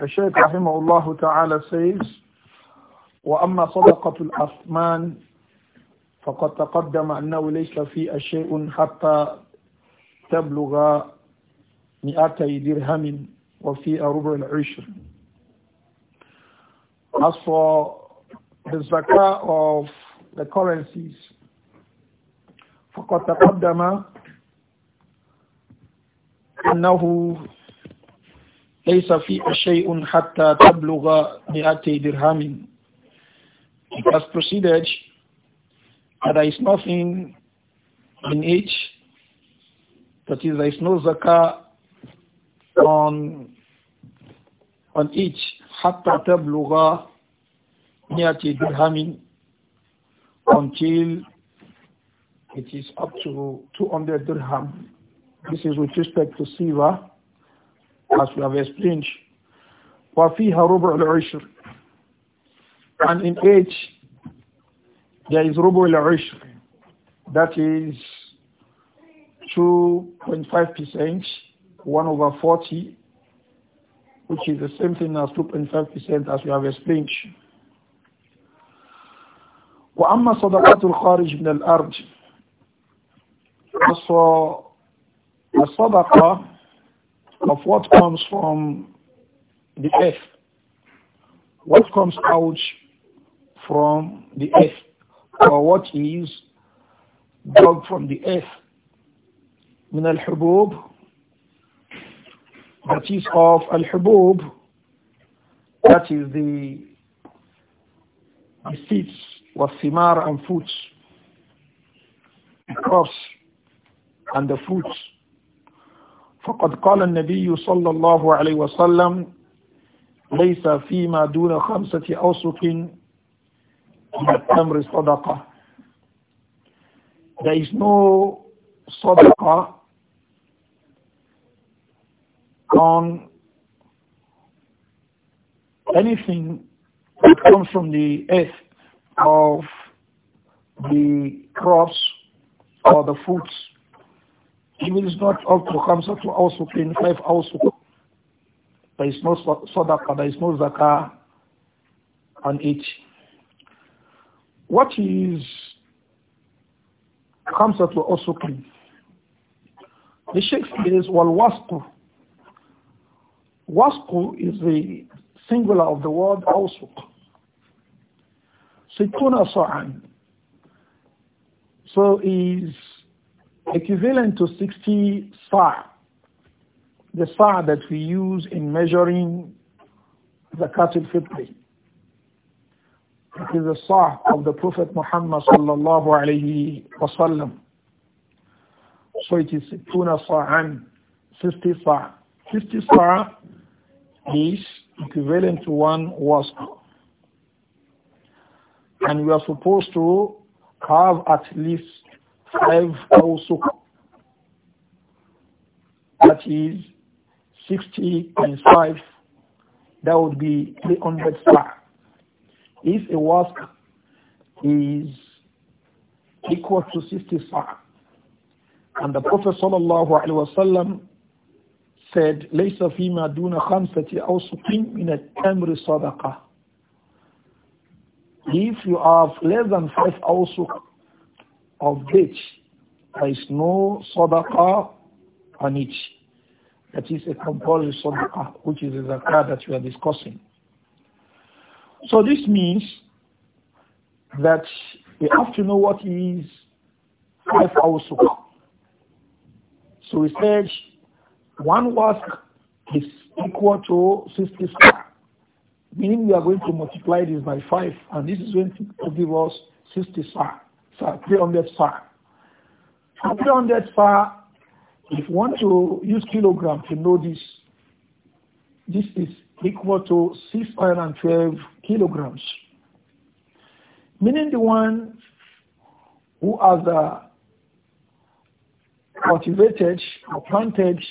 The Shaykh Rahimahullah Ta'ala says, وأما صدقة الأثمان فقد تقدم أنه ليس في شيء حتى تبلغ مئتي درهم وفي ربع العشر. As for the zakah of the currencies, فقد تقدم أنه ليس فيها شيء حتى تبلغ درهم It has proceeded that there is nothing in it, that is, there is no zakah on on each حتى تبلغ مئة درهم until it is up to 200 dirham. This is with respect to silver as we have explained. وَفِيهَا رُبُعُ الْعِشْرِ And in age, there is رُبُعُ الْعِشْرِ That is 2.5%, 1 over 40, which is the same thing as 2.5% as we have explained. وأما صدقات الخارج من الأرض الصدقة of what comes from the earth, what comes out from the earth, or what is dug from the earth. al-hurbub, الحبوب that is of al-hubub that is the, the seeds والثمار and fruits the crops and the fruits فقد قال النبي صلى الله عليه وسلم ليس فيما دون خمسة أوسق من التمر صدقة There is no صدقة on anything that comes from the earth of the crops or the fruits Even it's not also to Khamsa to also clean five also. There is no Sadaqah, there is no Zakah on it. What is Khamsa to also clean? The Sheikh says, Wal Wasqu. is the singular of the word also. Situna Sa'an. So is equivalent to 60 sa, the sa that we use in measuring the cattle fitri. It is the sa of the Prophet Muhammad sallallahu alayhi wa So it is tuna sa'an, 50 sa. 50 sa is equivalent to one wasp. And we are supposed to have at least five also. That is 60 and 5. That would be 300 If a wask is equal to 60 and the Prophet sallallahu alaihi wasallam said, ليس فيما دون خمسة أوسق من التمر صدقة. If you have less than five أوسق of which there is no sadaqah on it. That is a compulsory sadaqah, which is the zakah that we are discussing. So this means that we have to know what is five hours So we said one wask is equal to 60 square, meaning we are going to multiply this by 5, and this is going to give us 60 square far, 300 far. 300 far, if you want to use kilogram to know this, this is equal to 612 kilograms. Meaning the one who has uh, cultivated or planted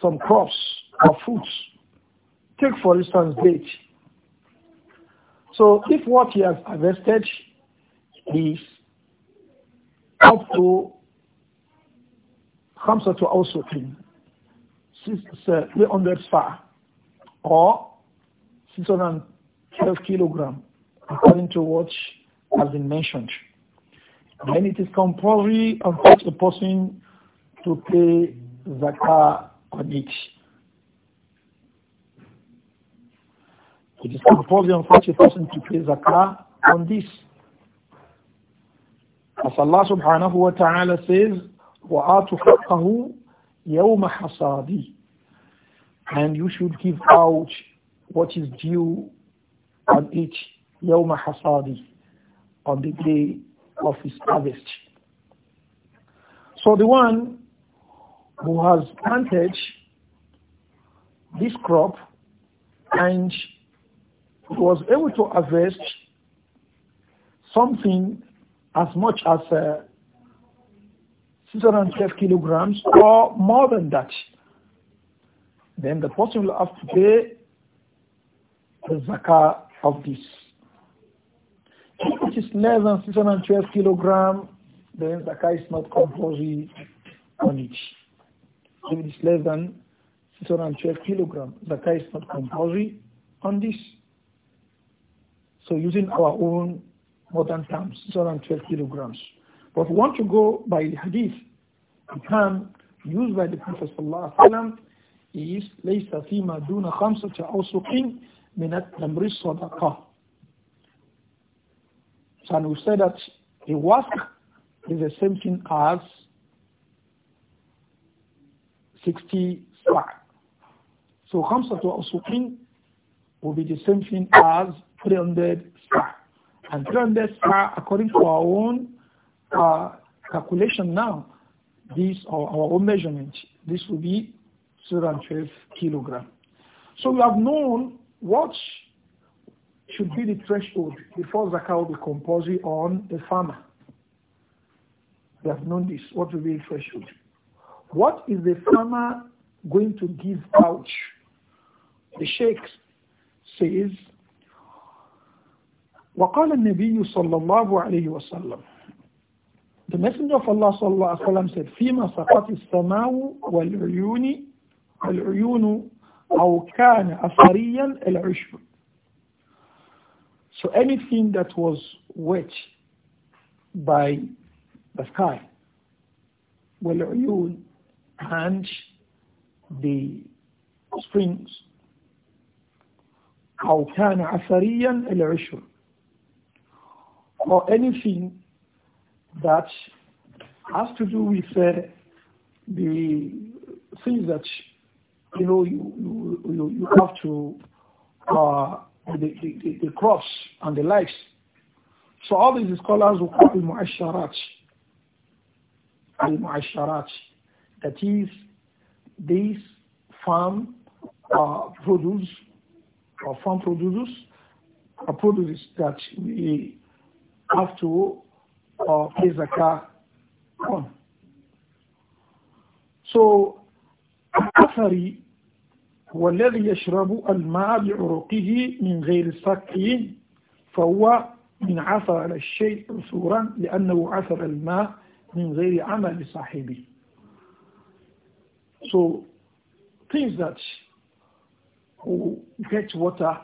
some crops or fruits. Take for instance date. So if what he has harvested is up to خمسة أوسق 300 far or twelve kilogram according to what has been mentioned. Then it is compulsory on such a person to pay zakah on it. It is compulsory on such a person to pay zakah on this. As Allah subhanahu wa ta'ala says, وَآتُ حَقَّهُ يَوْمَ حَصَادِهِ And you should give out what is due on each يَوْمَ حَصَادِهِ on the day of his harvest. So the one who has planted this crop and was able to harvest something as much as uh, 612 kilograms or more than that, then the person will have to pay the zakah of this. If it is less than 612 kilograms, then zakah is not compulsory on it. If it is less than 612 kilograms, zakah is not compulsory on this. So using our own more than 612 kilograms. But if we want to go by the hadith, the term used by the Prophet ﷺ is لَيْسَ فِي مَا دُونَ خَمْسَةَ أَوْسُقٍ مِنَ التَّمْرِ الصَّدَقَةِ So and we said that a wask is the same thing as 60 sa' So خمسة أوسقٍ will be the same thing as 300 sa' and 300 star, according to our own uh, calculation now, this or our own measurement. This will be 212 kilogram. So we have known what should be the threshold before cow will be on the farmer. We have known this. What will be the threshold? What is the farmer going to give out? The sheikh says وقال النبي صلى الله عليه وسلم The Messenger of Allah صلى الله عليه وسلم said فيما سقط السماء والعيون والعيون أو كان أثريا العشب So anything that was wet by the sky والعيون and the springs أو كان عثريا العشب or anything that has to do with uh, the things that you know you you, you have to uh, the, the, the crops and the likes. So all these scholars will call them mu'asharat. Al-mu'asharat. That is, these farm uh, produce or farm producers or uh, produce that we have to place a car on. So, Athari, والذي يشرب الماء بعروقه من غير سك فهو من عثر على الشيء عثورا لأنه عثر الماء من غير عمل صاحبه. So things that who get water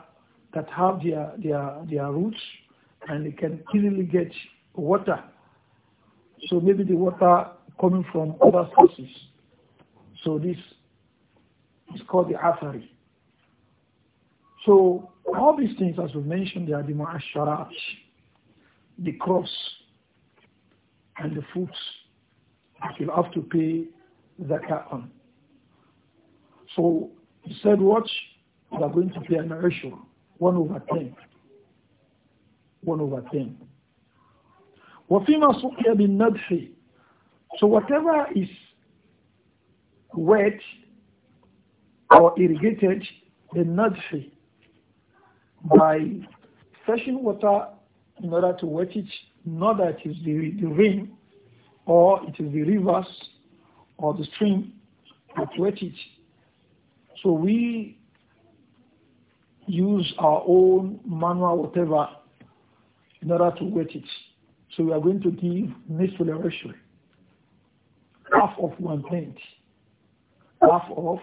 that have their their their roots and they can easily get water. So maybe the water coming from other sources. So this is called the Athari. So all these things, as we mentioned, they are the Ma'asharat, the crops, and the fruits that you'll have to pay zakah on. So he said, watch, you are going to pay an ushur, 1 over 10. 1 over 10. وَفِيمَا سُقِيَ بِالنَّدْحِ So whatever is wet or irrigated, the nadhi, by fetching water in order to wet it, not that it is the, the rain or it is the rivers or the stream that wet it. So we use our own manual, whatever, in order to wet it. So we are going to give nisful al half of one tenth, half of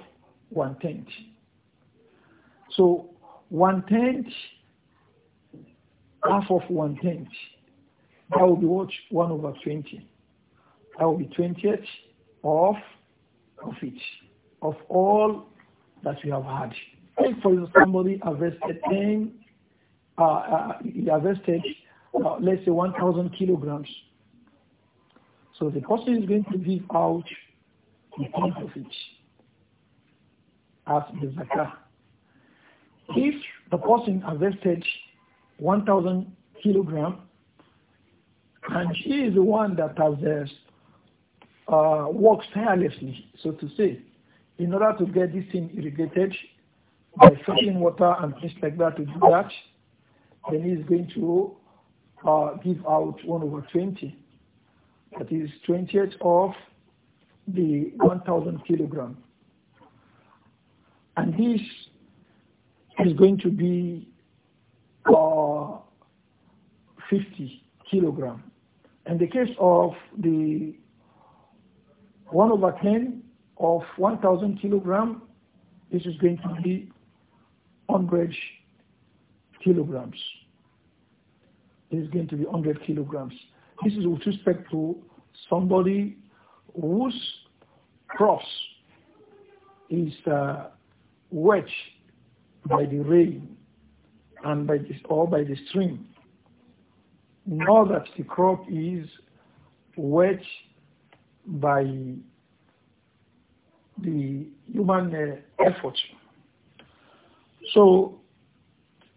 one tenth. So one tenth, half of one tenth, that will be what? 1 over 20. That will be 20th of, of it, of all that we have had. If for example, somebody invested 10, uh, uh, he invested uh, let's say 1,000 kilograms. So the person is going to give out the part of it as the zakah. If the person invested 1,000 kilogram and she is the one that has uh, uh, worked tirelessly, so to say, in order to get this thing irrigated by fetching water and things like that to do that, then he's going to uh, give out 1 over 20. That is 20th of the 1,000 kilogram. And this is going to be uh, 50 kilogram. In the case of the 1 over 10 of 1,000 kilogram, this is going to be 100 kilograms is going to be 100 kilograms. This is with respect to somebody whose crops is uh, wet by the rain and by this or by the stream. Now that the crop is wet by the human uh, effort. So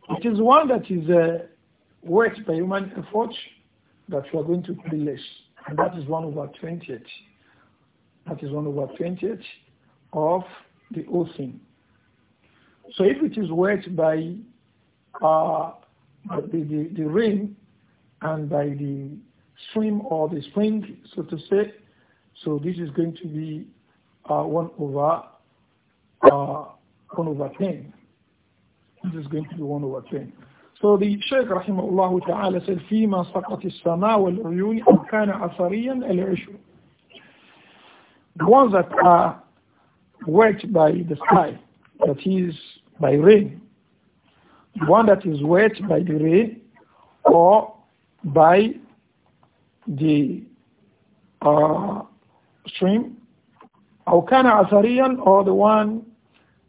it is one that is uh, weight by human effort that you are going to pay less. And that is 1 over 20th. That is 1 over 20th of the whole thing. So if it is worked by uh, the, the, the ring and by the stream or the spring, so to say, so this is going to be uh, 1 over uh, 1 over 10. This is going to be 1 over 10. So the Shaykh rahimahullah ta'ala said, فِيمَا سَقَتِ وَالْعُيُونِ أَوْ كَانَ The ones that are wet by the sky, that is by rain, the one that is wet by the rain or by the uh, stream, أو كان or the one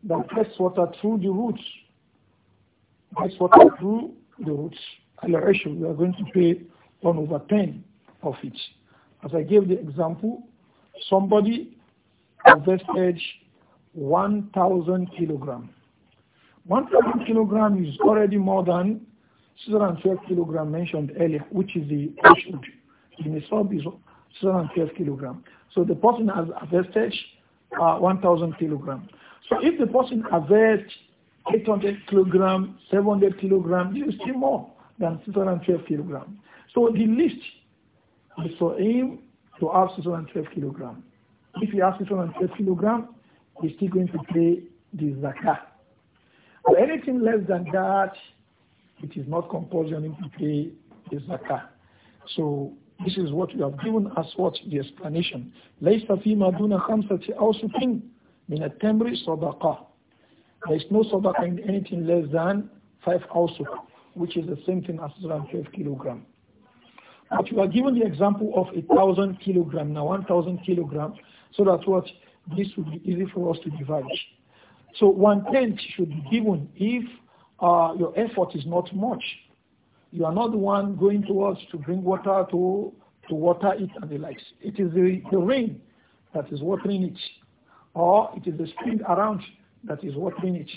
that takes water through the roots that's what we do, the roots. Al-Ishr, we are going to pay 1 over 10 of it. As I gave the example, somebody invested 1,000 kilogram. 1,000 kilogram is already more than 612 kilogram mentioned earlier, which is the threshold. In the sub is 612 kilogram. So the person has invested uh, 1,000 kilogram. So if the person invested 800 kilogram, 700 kilogram, you see more than 612 kilogram. So the list is for him to have 612 kilogram. If he has 612 kilogram, he's still going to pay the zakah. For anything less than that, it is not compulsory on him to pay the zakah. So this is what we have given as what the explanation. There is no sadaqah in anything less than 5 awsuk, which is the same thing as 12 kilogram. But you are given the example of a thousand kilogram, now 1,000 kilogram, so that what this would be easy for us to divide. So one tenth should be given if uh, your effort is not much. You are not the one going towards to bring water to to water it and the likes. It is the, the rain that is watering it, or it is the spring around that is watering it.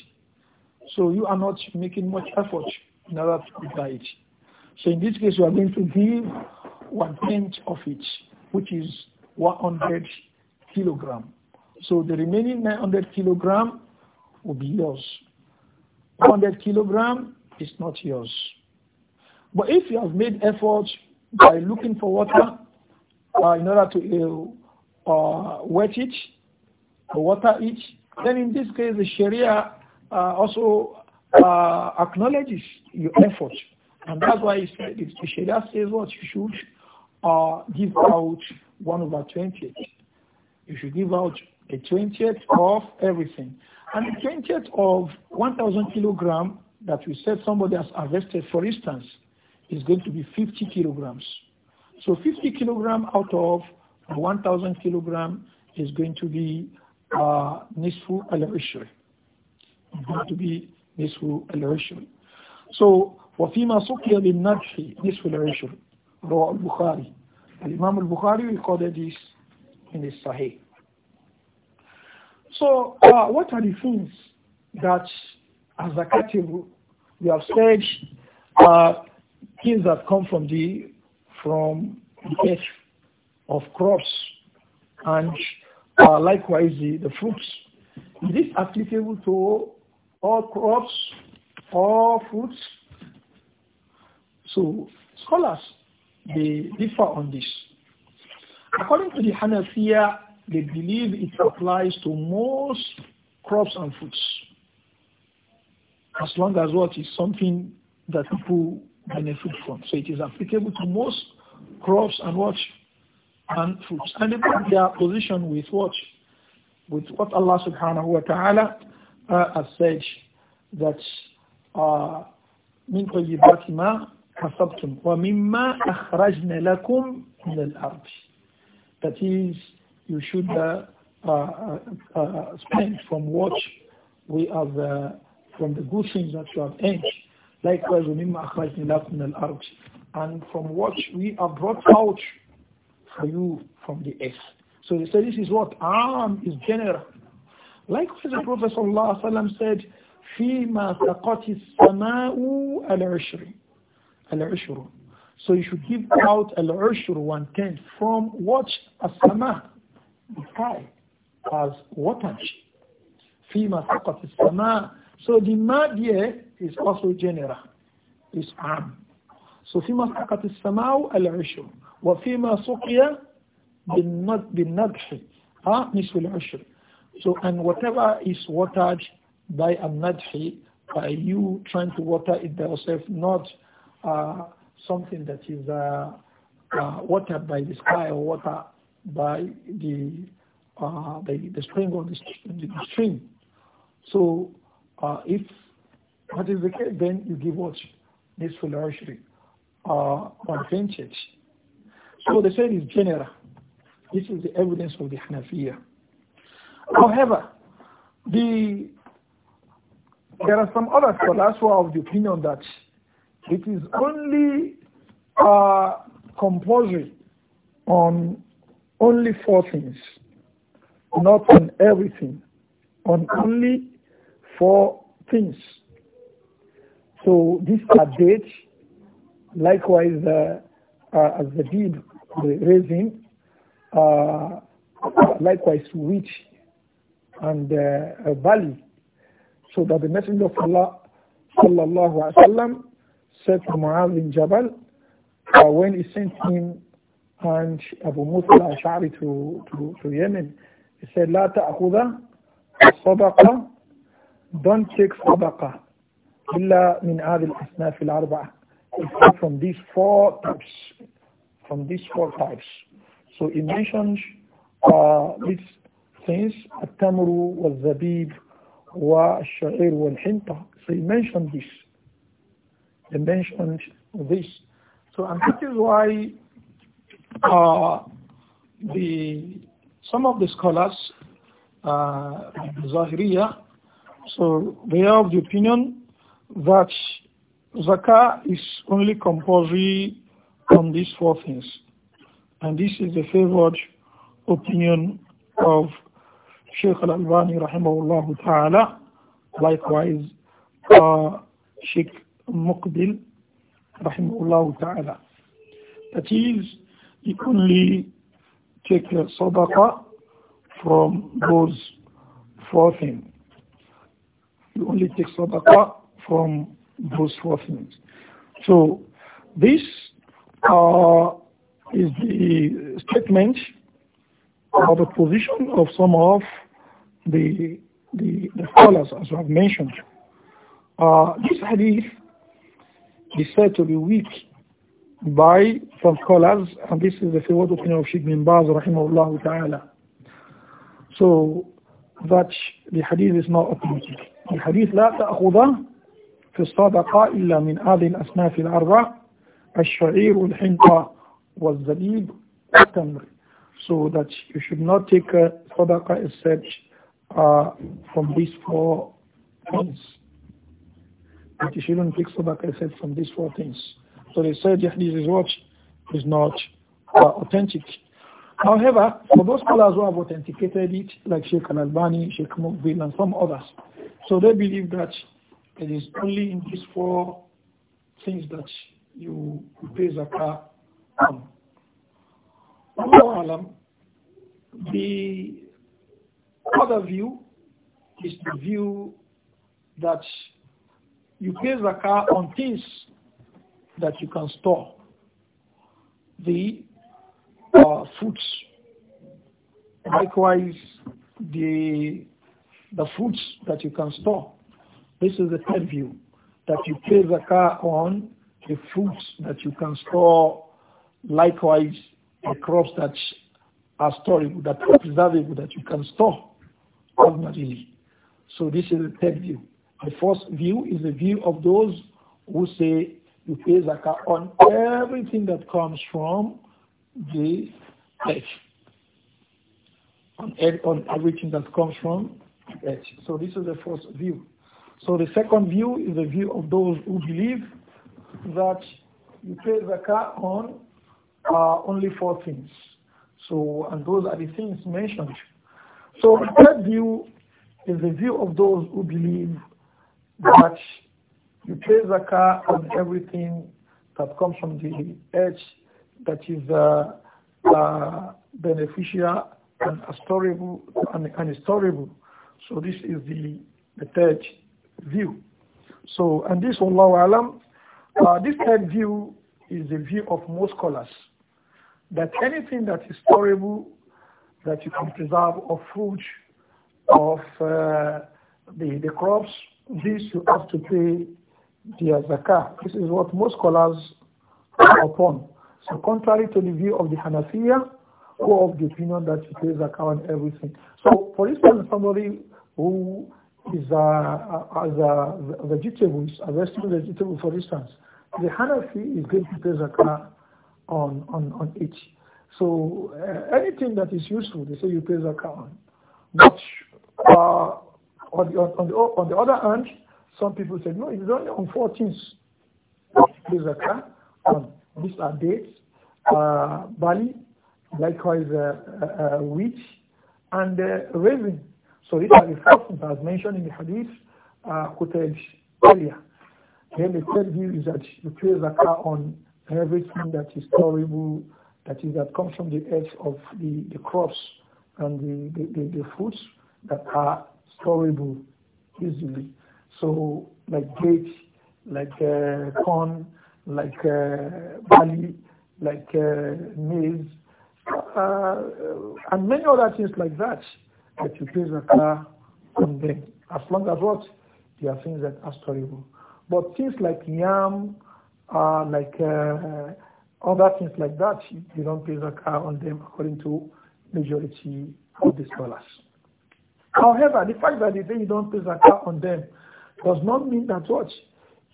So you are not making much effort in order to prepare it. So in this case, you are going to give one tenth of it, which is 100 kilogram. So the remaining 900 kilogram will be yours. 100 kilogram is not yours. But if you have made efforts by looking for water uh, in order to uh, uh, wet it, water it, then in this case the Sharia uh, also uh, acknowledges your effort. And that's why he said The Sharia says what you should uh, give out one over twentieth. You should give out a twentieth of everything. And the twentieth of 1,000 kilogram that we said somebody has invested, for instance, is going to be 50 kilograms. So 50 kilogram out of 1,000 kilogram is going to be uh, nisfu al-ishr. Going to be nisfu al-ishr. So, وفيما سقي للنجح نصف العشر رواه البخاري الإمام البخاري recorded this in his Sahih. So uh, what are the things that as a category we have said uh, things that come from the from the earth of crops and uh, likewise, the, the fruits. Is this applicable to all crops, all fruits? So scholars, they differ on this. According to the Hanafiya, they believe it applies to most crops and fruits. As long as what is something that people benefit from. So it is applicable to most crops and what and food. their position with what? With what Allah subhanahu wa ta'ala uh, has said that uh, min من طيبات wa كسبتم ومما lakum min al الأرض That is, you should uh uh, uh, uh, spend from what we have, from the good things that you have earned. Likewise, ومما أخرجنا لكم al الأرض And from what we have brought out for you from the earth. So he said, this is what? Am is general. Likewise, the Prophet ﷺ said, فيما سقط السماء العشر so you should give out al-ushur one-tenth from what asama, sama the sky, as water. Fima saqat as-sama. So the mad is also general, is am. So fima saqat as al وفيما سقي بالنضح ها نصف العشر so and whatever is watered by a nadhi by you trying to water it by yourself not uh, something that is uh, uh, watered by the sky or water by the uh, by the spring or the, stream so uh, if that is the case then you give what this uh, on vintage so the said is general. This is the evidence of the Hanafiya. However, the there are some other scholars who are of the opinion that it is only uh, compulsory on only four things, not on everything, on only four things. So these are dates, likewise uh, uh, as the deed the uh, likewise wheat and uh, uh, barley. So that the Messenger of Allah sallallahu alaihi wasallam said to Mu'adh bin Jabal uh, when he sent him and Abu Musa al-Ash'ari to, to, to Yemen, he said, لا تأخذ الصدقة don't take صدقة إلا من هذه الأصناف الأربعة except from these four types from these four types. So he mentioned uh, these things, التمر wa والشعير والحنطة. So he mentioned this. He mentioned this. So and that is why uh, the some of the scholars, uh, Zahiriya, so they are of the opinion that zakah is only compulsory from these four things. And this is the favored opinion of Sheikh Al-Albani rahimahullah ta'ala. Likewise, uh, Sheikh Muqbil rahimahullah ta'ala. That is, you only take a sadaqah from those four things. You only take sadaqah from those four things. So, this uh, is the statement or the position of some of the, the, the scholars, as I've mentioned. Uh, this hadith is said to be weak by some scholars, and this is the favorite opinion of Sheikh bin Baz, rahimahullah ta'ala. So, that the hadith is not authentic. The hadith لا تأخذ في الصدقة إلا من هذه الأصناف الأربع الشعير والحنطة والزبيب والتمر so that you should not take a sadaqa except uh, from these four things. That you shouldn't take sadaqa except from these four things. So they said, yeah, this is what is not uh, authentic. However, for those scholars who have authenticated it, like Sheikh Al-Albani, Sheikh Mubin, and some others, so they believe that it is only in these four things that you pay zakah on. alam, the other view is the view that you pay zakah on things that you can store. The uh, fruits, likewise the the fruits that you can store. This is the third view that you pay zakah on the fruits that you can store, likewise the crops that are storable, that are preservable, that you can store ordinarily. So this is the third view. The first view is the view of those who say you pay zakah on everything that comes from the earth. On, on everything that comes from earth. So this is the first view. So the second view is the view of those who believe that you pay zakah on are uh, only four things. So, and those are the things mentioned. So, that view is the view of those who believe that you pay zakah on everything that comes from the edge that is uh, uh, beneficial and storable and, and storable. So this is the, the third view. So and this, Allah alam, uh, this third view is the view of most scholars, that anything that is storable, that you can preserve or fruit, of uh, the, the crops, this you have to pay the zakah. This is what most scholars are upon. So contrary to the view of the Hanafiya, who of the opinion that you pay zakah on everything. So for instance, somebody who is the uh, uh, uh, vegetables, a vegetable vegetable for instance, the Hanafi is going to pay zakah on, on, on each. So uh, anything that is useful, they say you pay zakah on. But uh, on, the, on, the, on the other hand, some people say, no, it's only on 14th pay zakah on. These are dates, uh, barley, likewise uh, uh, wheat, and uh, raisin. So these are the that as mentioned in the hadith uh, earlier. Then the third view is that you pay zakah on everything that is storable, that is that comes from the edge of the, the crops and the, the, the, the fruits that are storable easily. So like dates, like uh, corn, like uh, barley, like uh, maize, uh, and many other things like that that you place a car on them. As long as what? there are things that are storable. But things like yam, uh, like uh, other things like that, you don't place a car on them according to majority of the scholars. However, the fact that you don't place a car on them does not mean that what?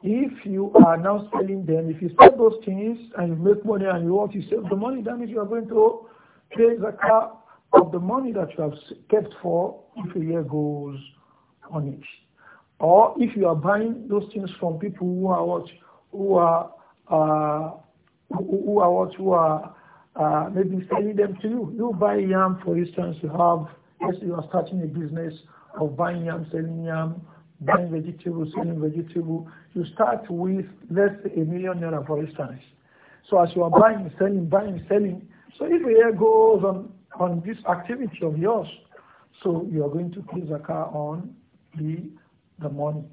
If you are now selling them, if you sell those things and you make money and you want to save the money, that means you are going to pay car of the money that you have kept for if a year goes on it. Or if you are buying those things from people who are what, who are, uh, who are what, who are uh, maybe selling them to you. You buy yam, for instance, you have, yes, you are starting a business of buying yam, selling yam, buying vegetable, selling vegetable. You start with, let's say, a million naira, for instance. So as you are buying, selling, buying, selling, so if a year goes on, on this activity of yours. So you are going to pay zakah on the, the money.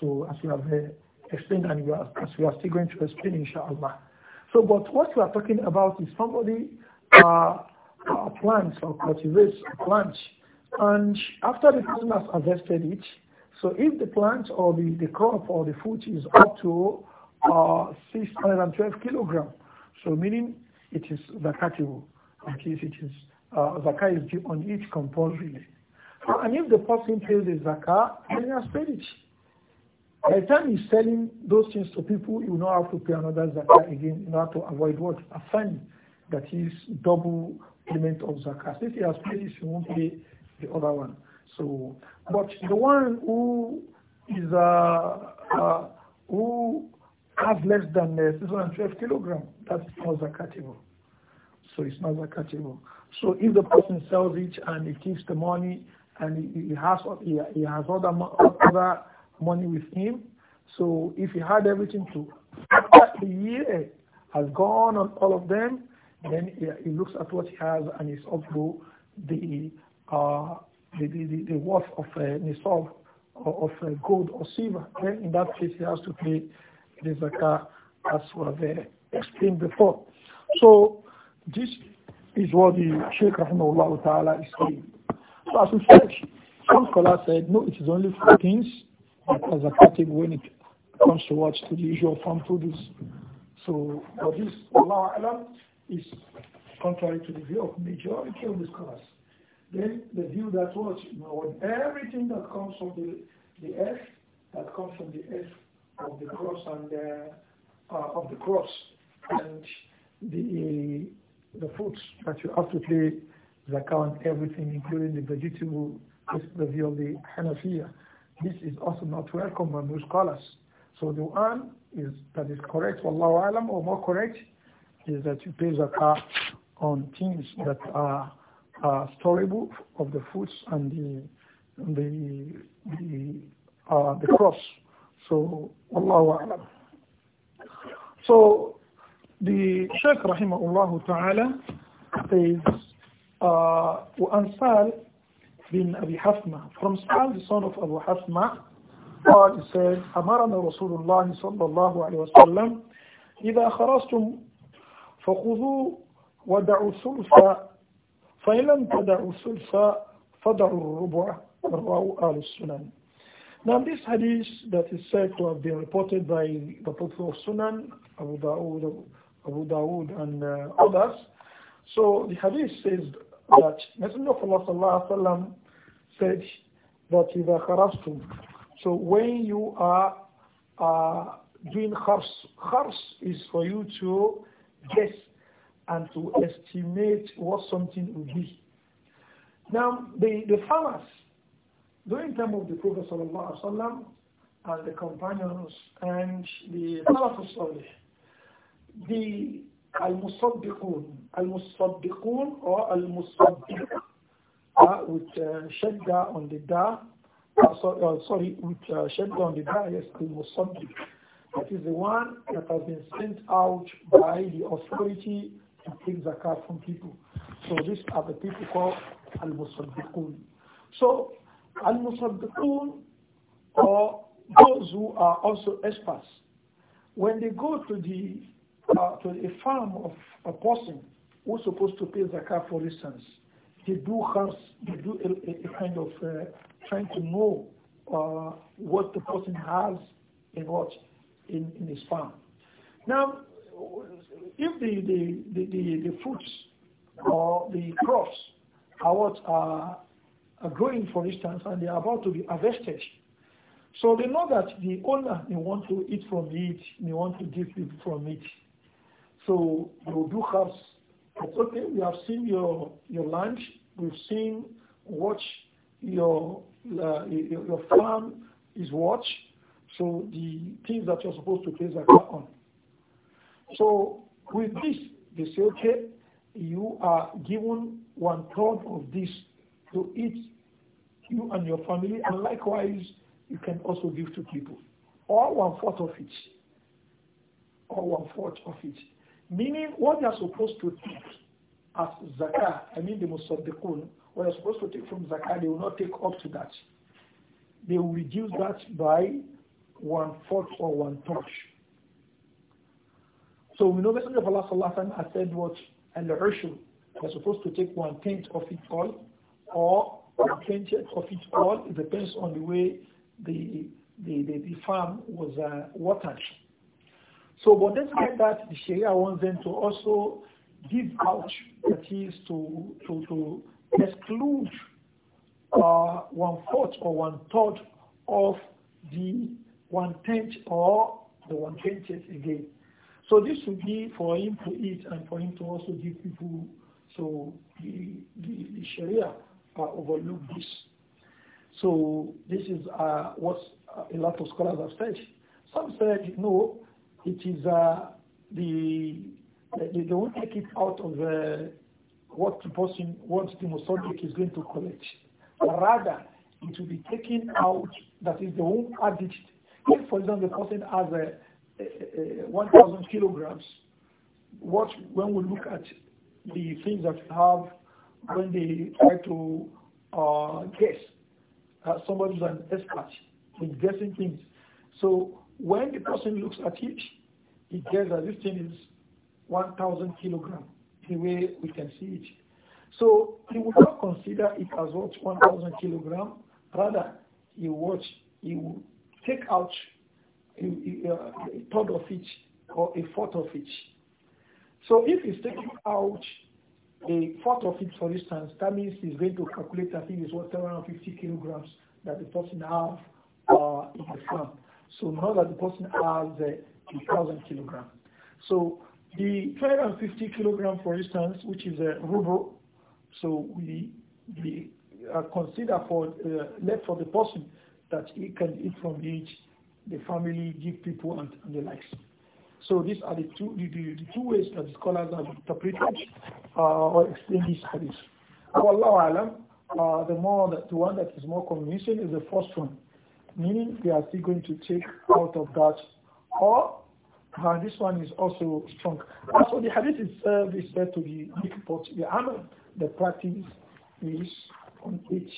So as you have uh, explained and you are, as we are still going to explain inshallah. So but what we are talking about is somebody uh, uh, plants or cultivates a plant and after the person has harvested it, so if the plant or the, the crop or the fruit is up to uh, 612 kilogram, so meaning it is the category, case it is uh, zakah is due on each compulsory. And if the person pays the zakah, then he has paid it. By the time he's selling those things to people, you now have to pay another zakah again in order to avoid what? A fine that is double payment of zakah. if he has paid this, he won't pay the other one. So, but the one who is uh, uh, who has less than uh, 612 kilogram, that's not zakatable. So it's not zakatable. So if the person sells it and he keeps the money and he, has he, he has other other money with him, so if he had everything to after the year has gone on all of them, then he, he looks at what he has and he's up to the uh, the, the, the, worth of uh, nisab or of uh, gold or silver. Then in that case he has to pay the zakah as was have uh, explained before. So this is what the Shaykh Rahimahullah Ta'ala is saying. So as we said, some scholars said, no, it is only for things that are zakative when it comes to watch to the usual of farm produce. So, but this, Allah Alam, is contrary to the view of majority of the scholars. Then the view that was, you know, everything that comes from the, the earth, that comes from the earth of the cross and the, uh, uh, of the cross and the the fruits that you have to pay zakah on everything, including the vegetable, this is the view of the Hanafiya. This is also not welcome by most scholars. So the one is that is correct, Wallahu alam, or more correct, is that you pay zakah on things that are, are storable of the fruits and the the the, uh, the crops. So Allahu alam. So the Sheikh Rahimahullah Ta'ala says, uh, وأن سال بن أبي حفمة from Sal the son of Abu Hafma قال he أمرنا رسول الله صلى الله عليه وسلم إذا خرجتم فخذوا ودعوا الثلث فإن لم تدعوا الثلث فدعوا الربع رواه آل السنن Now this hadith that is said to have been reported by the Prophet of Sunan, Abu Dawud, Abu Dawood and uh, others. So the hadith says that Messenger of Allah sallam, said that is a kharastum. So when you are uh, doing khars, khars is for you to guess and to estimate what something will be. Now the, the farmers during time of the Prophet sallam, and the companions and the Salafus Salih the al-musaddiqun, al-musaddiqun or al-musaddiq, uh, with uh, shadda on the da, uh, uh, sorry, with uh, shadda on the da, yes, al-musaddiq. That is the one that has been sent out by the authority to take zakat from people. So these are the people called al-musaddiqun. So al-musaddiqun or those who are also experts, when they go to the uh, to a farm of a person who's supposed to pay zakat, for instance, they do has, he do a, a kind of uh, trying to know uh, what the person has in what in, in his farm. Now, if the the, the, the, the fruits or the crops are what are, are growing, for instance, and they are about to be harvested, so they know that the owner they want to eat from it, they want to give from it. So you do have, okay, we have seen your, your lunch, we've seen what your, uh, your, your farm is watched. so the things that you're supposed to pay are on. So with this, they say, okay, you are given one third of this to eat, you and your family, and likewise, you can also give to people, or one fourth of it, or one fourth of it. Meaning what they are supposed to take as zakah, I mean the musaddiqun, what they are supposed to take from zakah, they will not take up to that. They will reduce that by one fourth or one third. So we know Messenger of Allah sallallahu alaihi wasallam has said what al-ushur, they're supposed to take one tenth of it all, or one tenth of it all. It depends on the way the the, the, the farm was uh, watered. So, but despite that, the Sharia wants them to also give out, that is, to, to, to exclude uh, one-fourth or one-third of the one-tenth or the one-twentieth again. So this would be for him to eat and for him to also give people, so the, the, the Sharia uh, overlook this. So this is uh, what a lot of scholars have said. Some said, no, it is uh, the they don't take it out of the uh, what the person what the Mosodic is going to collect. But rather, it will be taken out that is the own added. If, for example, the person has a, uh, a, uh, a 1,000 kilograms, what when we look at the things that have when they try to uh, guess, uh, somebody's an expert in guessing things. So when the person looks at it, he gets that this thing is 1,000 kilogram, the way we can see it. So he would not consider it as what 1,000 kilogram. Rather, he watch, he will take out a, a, uh, a third of it or a fourth of it. So if he's taking out a fourth of it, for instance, that means he's going to calculate, I think it's what, 750 kilograms that the person have uh, in the farm. So now that the person has uh, 1,000 kilograms. So the 250 kilogram, for instance, which is a ruble, so we, we uh, consider for uh, left for the person that he can eat from each, the family, give people, and, and the likes. So these are the two the, the, the two ways that the scholars have interpreted uh, or explained this hadith. Our uh, the more that the one that is more convincing is the first one meaning they are still going to take out of that. Or uh, this one is also strong. Also, the hadith itself is said to be weak, the amal, the practice is on each.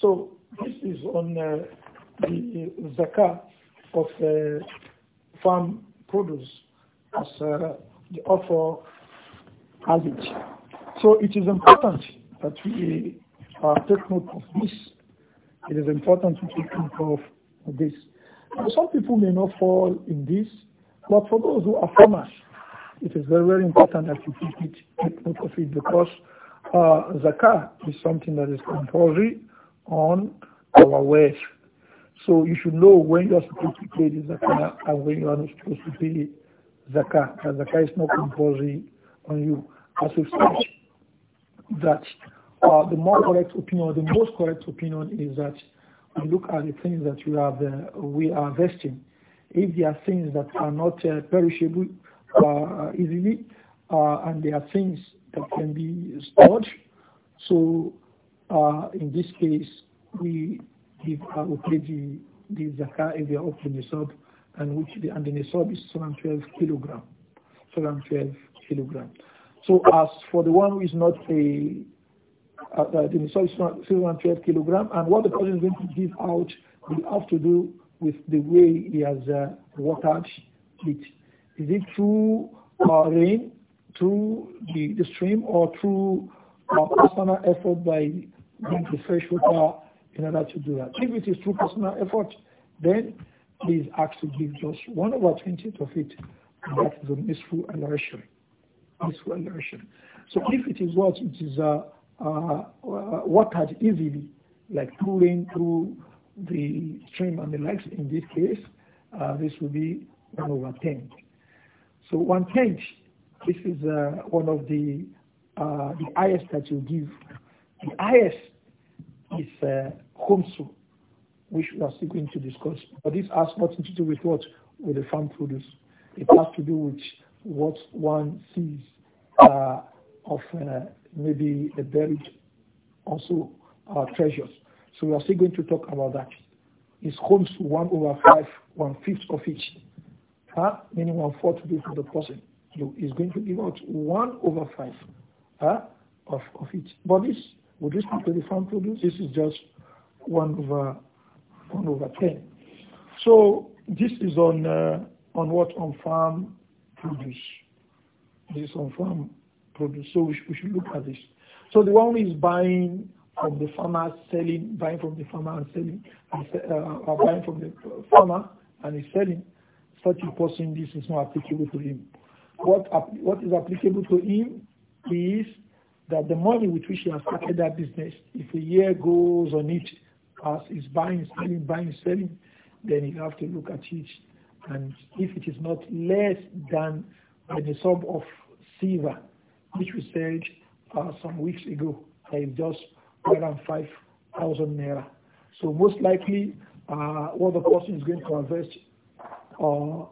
So this is on uh, the uh, zakah of uh, farm produce as uh, the offer has it. So it is important that we uh, take note of this it is important to take of this. Now, some people may not fall in this, but for those who are farmers, it is very, very important that you take, it, take note of it because uh, zakah is something that is compulsory on our wealth. So you should know when you are supposed to pay the zakah and when you are not supposed to pay zakah. And zakah is not compulsory on you. As we've said, that uh, the more correct opinion, the most correct opinion is that we look at the things that we are, the, uh, we are vesting. If there are things that are not uh, perishable uh, uh easily, uh, and there are things that can be stored, so in this case, we give uh, we pay the, the zakah if they are up the nisab, and which the and the nisab is 712 kilogram, 712 kilogram. So as for the one who is not a the uh, uh, soil is 712 kilogram, and what the person is going to give out will have to do with the way he has uh, watered it. Is it through rain, through the, stream, or through personal effort by bringing the fresh water in order to do that? If it is through personal effort, then please actually to give just one over twentieth of it, and that is a misful allocation. So if it is what it is a uh, uh, watered easily, like through rain, through the stream and the likes in this case, uh, this will be 1 over 10. So 1 this is one of the, the highest that you give. The highest is uh, homsu, which we are still going to discuss. But this has nothing to do with what? With the farm produce. It has to do with what one sees uh, of uh, maybe the buried also uh, treasures. So we are still going to talk about that. It's homes one over five, one fifth of each. Huh? Meaning one fourth of be of the person. So he's going to give out one over five huh? of, of each. But this, with this to the farm produce, this is just one over one over ten. So this is on uh, on what on farm produce. This is on farm produce. So we should, we should look at this. So the one who is buying from the farmer, selling, buying from the farmer and selling, uh, uh, buying from the farmer and is selling, such a person, this is not applicable to him. What, what is applicable to him is that the money with which he has started that business, if a year goes on it as is buying, selling, buying, selling, then you have to look at it. And if it is not less than the sum of silver which we said uh, some weeks ago, uh, is just more than 5,000 naira. So most likely, uh, what the person is going to invest, uh,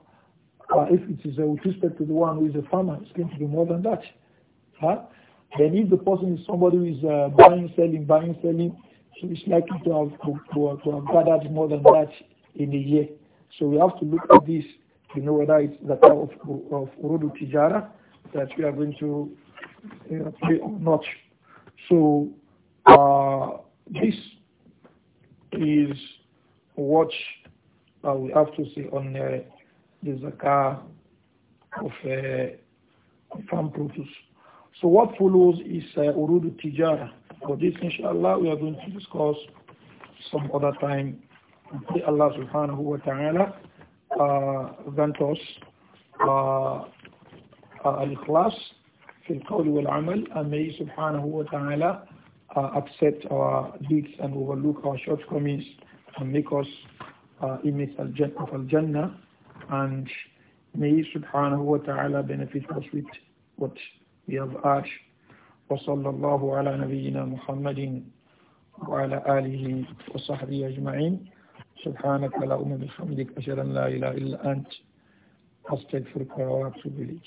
uh if it is uh, with respect to the one who is a farmer, it's going to be more than that. Huh? Then if the person is somebody who is buying, selling, buying, selling, so it's likely to have, to, to, to have gathered more than that in a year. So we have to look at this to know whether it's the type of, of Urudu Tijara that we are going to uh, not. So uh, this is what uh, we have to see on uh, the zakah of uh, farm produce. So what follows is uh, urudu tijara. For this, inshallah, we are going to discuss some other time. May Allah subhanahu wa ta'ala uh, us uh, uh al-ikhlas في القول والعمل and may سبحانه وتعالى uh, accept our deeds and overlook our shortcomings and make us uh, inmates of Al-Jannah and may سبحانه وتعالى benefit us with what we have asked وصلى الله على نبينا محمد وعلى آله وصحبه أجمعين سبحانك لا أم بحمدك أشهد أن لا إله إلا أنت أستغفرك وأتوب إليك